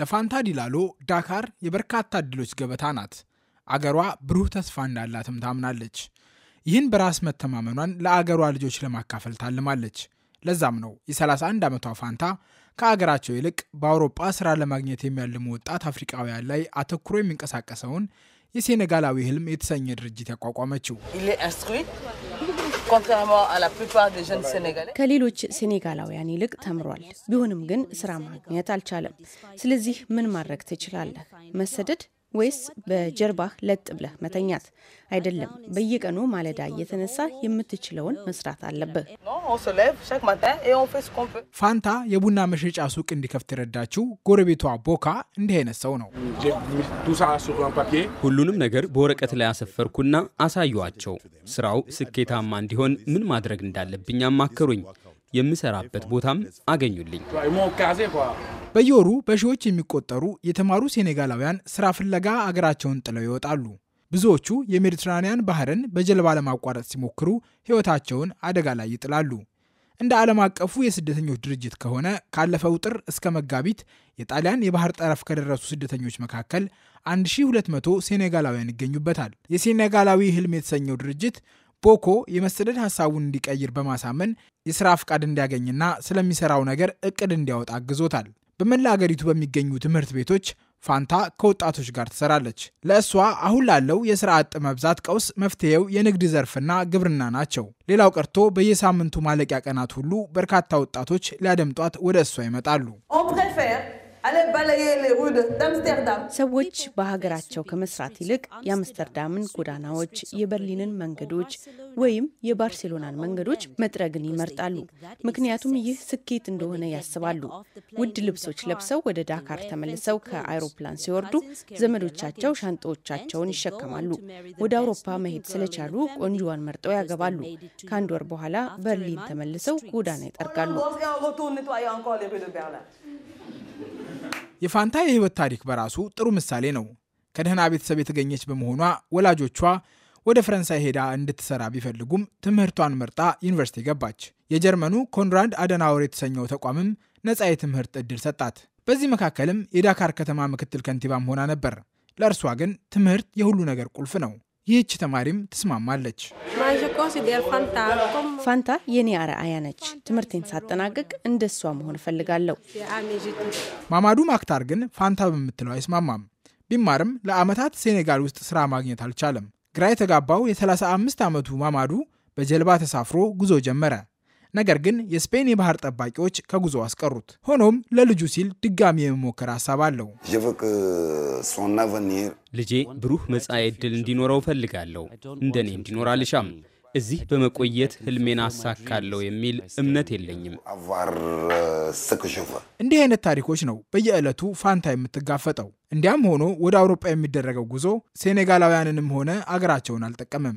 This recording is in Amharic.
ለፋንታ ዲላሎ ዳካር የበርካታ እድሎች ገበታ ናት። አገሯ ብሩህ ተስፋ እንዳላትም ታምናለች። ይህን በራስ መተማመኗን ለአገሯ ልጆች ለማካፈል ታልማለች። ለዛም ነው የ31 ዓመቷ ፋንታ ከአገራቸው ይልቅ በአውሮጳ ስራ ለማግኘት የሚያልሙ ወጣት አፍሪቃውያን ላይ አተኩሮ የሚንቀሳቀሰውን የሴኔጋላዊ ህልም የተሰኘ ድርጅት ያቋቋመችው። ከሌሎች ሴኔጋላውያን ይልቅ ተምሯል። ቢሆንም ግን ስራ ማግኘት አልቻለም። ስለዚህ ምን ማድረግ ትችላለህ? መሰደድ ወይስ በጀርባህ ለጥ ብለህ መተኛት? አይደለም። በየቀኑ ማለዳ እየተነሳ የምትችለውን መስራት አለብህ። ፋንታ የቡና መሸጫ ሱቅ እንዲከፍት የረዳችው ጎረቤቷ ቦካ እንዲህ አይነት ሰው ነው። ሁሉንም ነገር በወረቀት ላይ አሰፈርኩና አሳዩዋቸው። ስራው ስኬታማ እንዲሆን ምን ማድረግ እንዳለብኝ አማከሩኝ። የምሰራበት ቦታም አገኙልኝ። በየወሩ በሺዎች የሚቆጠሩ የተማሩ ሴኔጋላውያን ስራ ፍለጋ አገራቸውን ጥለው ይወጣሉ። ብዙዎቹ የሜዲትራንያን ባህርን በጀልባ ለማቋረጥ ሲሞክሩ ሕይወታቸውን አደጋ ላይ ይጥላሉ። እንደ ዓለም አቀፉ የስደተኞች ድርጅት ከሆነ ካለፈው ጥር እስከ መጋቢት የጣሊያን የባህር ጠረፍ ከደረሱ ስደተኞች መካከል 1200 ሴኔጋላውያን ይገኙበታል። የሴኔጋላዊ ህልም የተሰኘው ድርጅት ቦኮ የመሰደድ ሀሳቡን እንዲቀይር በማሳመን የስራ ፍቃድ እንዲያገኝና ስለሚሰራው ነገር እቅድ እንዲያወጣ አግዞታል። በመላ አገሪቱ በሚገኙ ትምህርት ቤቶች ፋንታ ከወጣቶች ጋር ትሰራለች። ለእሷ አሁን ላለው የስራ አጥ መብዛት ቀውስ መፍትሄው የንግድ ዘርፍና ግብርና ናቸው። ሌላው ቀርቶ በየሳምንቱ ማለቂያ ቀናት ሁሉ በርካታ ወጣቶች ሊያደምጧት ወደ እሷ ይመጣሉ። ሰዎች በሀገራቸው ከመስራት ይልቅ የአምስተርዳምን ጎዳናዎች፣ የበርሊንን መንገዶች ወይም የባርሴሎናን መንገዶች መጥረግን ይመርጣሉ። ምክንያቱም ይህ ስኬት እንደሆነ ያስባሉ። ውድ ልብሶች ለብሰው ወደ ዳካር ተመልሰው ከአውሮፕላን ሲወርዱ ዘመዶቻቸው ሻንጣዎቻቸውን ይሸከማሉ። ወደ አውሮፓ መሄድ ስለቻሉ ቆንጆዋን መርጠው ያገባሉ። ከአንድ ወር በኋላ በርሊን ተመልሰው ጎዳና ይጠርጋሉ። የፋንታ የህይወት ታሪክ በራሱ ጥሩ ምሳሌ ነው። ከደህና ቤተሰብ የተገኘች በመሆኗ ወላጆቿ ወደ ፈረንሳይ ሄዳ እንድትሰራ ቢፈልጉም ትምህርቷን መርጣ ዩኒቨርሲቲ ገባች። የጀርመኑ ኮንራድ አደናወር የተሰኘው ተቋምም ነፃ የትምህርት ዕድል ሰጣት። በዚህ መካከልም የዳካር ከተማ ምክትል ከንቲባም ሆና ነበር። ለእርሷ ግን ትምህርት የሁሉ ነገር ቁልፍ ነው። ይህች ተማሪም ትስማማለች። ፋንታ የኔ አርአያ ነች። ትምህርቴን ሳጠናቅቅ እንደ እሷ መሆን እፈልጋለሁ። ማማዱ ማክታር ግን ፋንታ በምትለው አይስማማም። ቢማርም ለዓመታት ሴኔጋል ውስጥ ስራ ማግኘት አልቻለም። ግራ የተጋባው የ35 ዓመቱ ማማዱ በጀልባ ተሳፍሮ ጉዞ ጀመረ። ነገር ግን የስፔን የባህር ጠባቂዎች ከጉዞ አስቀሩት። ሆኖም ለልጁ ሲል ድጋሚ የመሞከር ሀሳብ አለው። ልጄ ብሩህ መጻኤ ዕድል እንዲኖረው እፈልጋለሁ። እንደኔ እንዲኖር አልሻም። እዚህ በመቆየት ህልሜን አሳካለሁ የሚል እምነት የለኝም። euh, እንዲህ አይነት ታሪኮች ነው በየዕለቱ ፋንታ የምትጋፈጠው። እንዲያም ሆኖ ወደ አውሮፓ የሚደረገው ጉዞ ሴኔጋላውያንንም ሆነ አገራቸውን አልጠቀመም።